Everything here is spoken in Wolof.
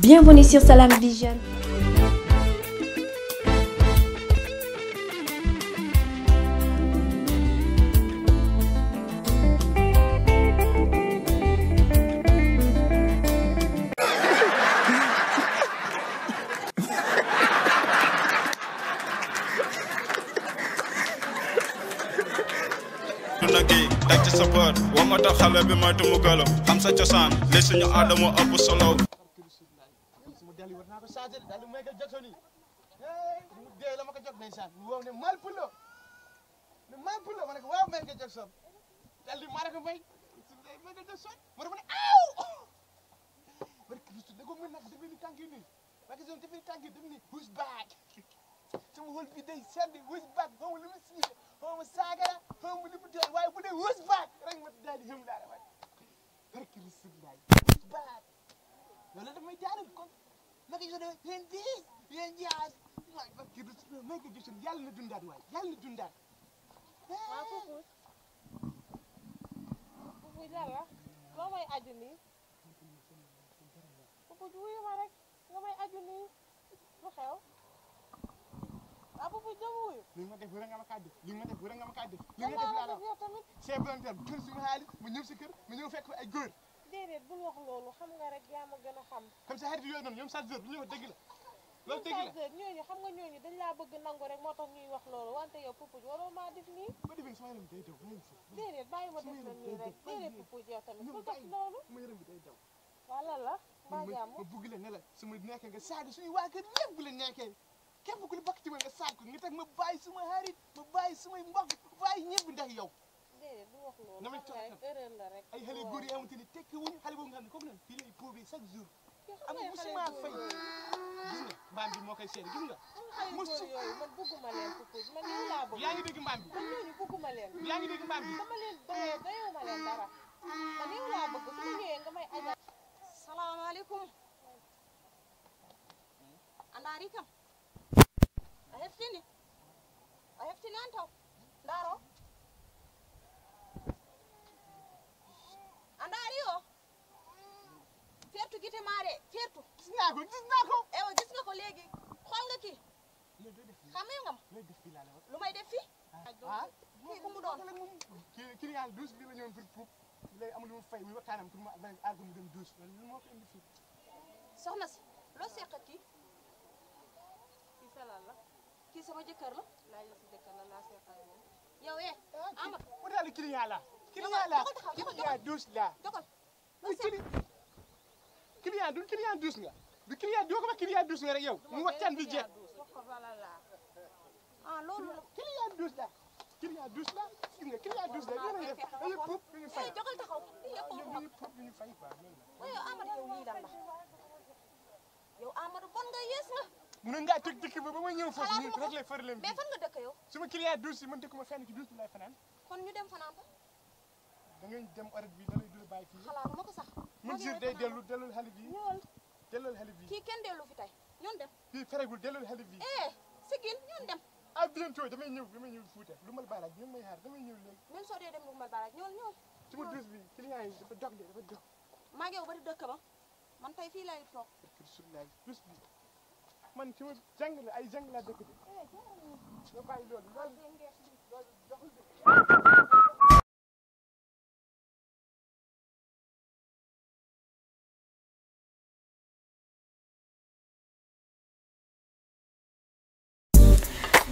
Bienvenue sur Salam Vision. teg ci sa bër wa ma tax xale bi moytu mu gëlëm xam sa cosaan li suñu aada moo ëpp solo naa ko chargé daal Michael Jackson yi mu dee la ma ko jot ndeysaan mu woo ne mal pulo ne mal pulo ma ne ko waaw Michael Jackson daal di maa ko may Michael Jackson ma ni tànk yi ni tànk back sama xol bi day mu siise mu dee waaye bu dee who's back rek ma daal di yëm daal di waay barke Kristu naka ñu ko defee yéen déeg yéen jaar ah, waay ba kii may ko gisul yàlla na dundaat waay yàlla na dundaat waaw foofu foofu dara loo may aju nii foofu wuyu ma rek nga may aju nii lu xew waaw foofu dama wuyu li nga ma def wara nga ma kàddu li nga ma def wara nga ma kàddu li nga ma def laa la tamit chef volontaire bi kër suñu xaalis mu ñëw si kër mu ñëw fekk fa ay góor déedéet bul wax loolu xam nga rek yaa ma gën a xam. comme sa xarit yooyu noonu ñoom Sadio bu ñu wax dëgg la. loolu dëgg la ñoom ñooñu xam nga ñooñu dañ laa bëgg nangu rek moo tax ñuy wax loolu wante yow pupuj waroo maa def nii. ba defee sama yaram day daw déedéet bàyyi ma def la bu tax loolu. sama yaram bi ma bëgg nekkee nga saaga waa kër ñëpp ku li bokk ci nga saag ko nga teg ma bàyyi suma xarit ma bàyyi sumay mbokk bàyyi ñëpp ndax yow déedéet du wax loolu. na ma caa rek erreur la rek. ay xale góor yi amante ni tekki wuñu xale boobu nga xam ne kooku nag fii lay pauvre chaque jour. am musuma fay gis nga mbaam bi moo koy seede gis nga. musu xale yooyu man bëgguma leen kukkuj man ñun laa bëgg. yaa ngi dégg mbaam bi man ñooñu bëgguma leen. yaa ngi dégg mbaam bi dama leen doyoo doyoo ma leen dara man yow laa bëgg su ma ñëwee nga may ajal. salaamaaleykum. andaari kam a heftini a heftini an taw ndaaro de ceertu gis naa ko gis naa ko nga ko léegi xool nga kii xam nga ngam lu may def fii kii ku mu doon kii yaa douze bi la ñëwoon pour pour léegi amul lu mu fay muy waxtaanam pour mu aar ko mu dem douze loolu moo ko indi fii soxna si loo seq ak kii kii sama jëkkër la laaj la sa jëkkër la laa seq ak moom yow eh, ah, la client la client douze la du client douce nga du client doo ko wax client douce nga rek yow mu waxtaan bi jeex ah loolu client douce la client douce la gis nga client douce la ah, yéen a def dañuy puub eh, dañuy fay jógal taxaw eh, dañuy puub dañuy fay quoi eh, yow Amadou yow lii lan la yow Amadou bon nga yées nga mënoon ngaa tëg dëkk ba ba may ñëw foofu ñu rek lay far leen mais fan nga dëkk yow suma client douce yi man dëkk ma fenn ci douce bi lay fanaan kon ñu dem fanaan ko da ngeen dem arrêt bi da lay dul bàyyi fii. xalaatuma ko sax. mun jur day dellu dellul xale bi. ñool dellul xale bi. kii kenn dellu fi tey ñoon dem. fii feregul dellul xale bi. eh sigil ñoon dem. ah bientôt damay ñëw damay ñëw Fuuta lu mal baaraaj ñu ngi may xaar damay ñëw léegi. même soo dee dem lu mal baaraaj ñool ñool. ma dus bi client yi dafa dog de dafa maa ngi yow bari dëkk ba man tey fii lay toog. alhamdulilah dus bi man ci ma jàng la ay jàng laa dëkk de. Eh, nga bàyyi loolu loolu.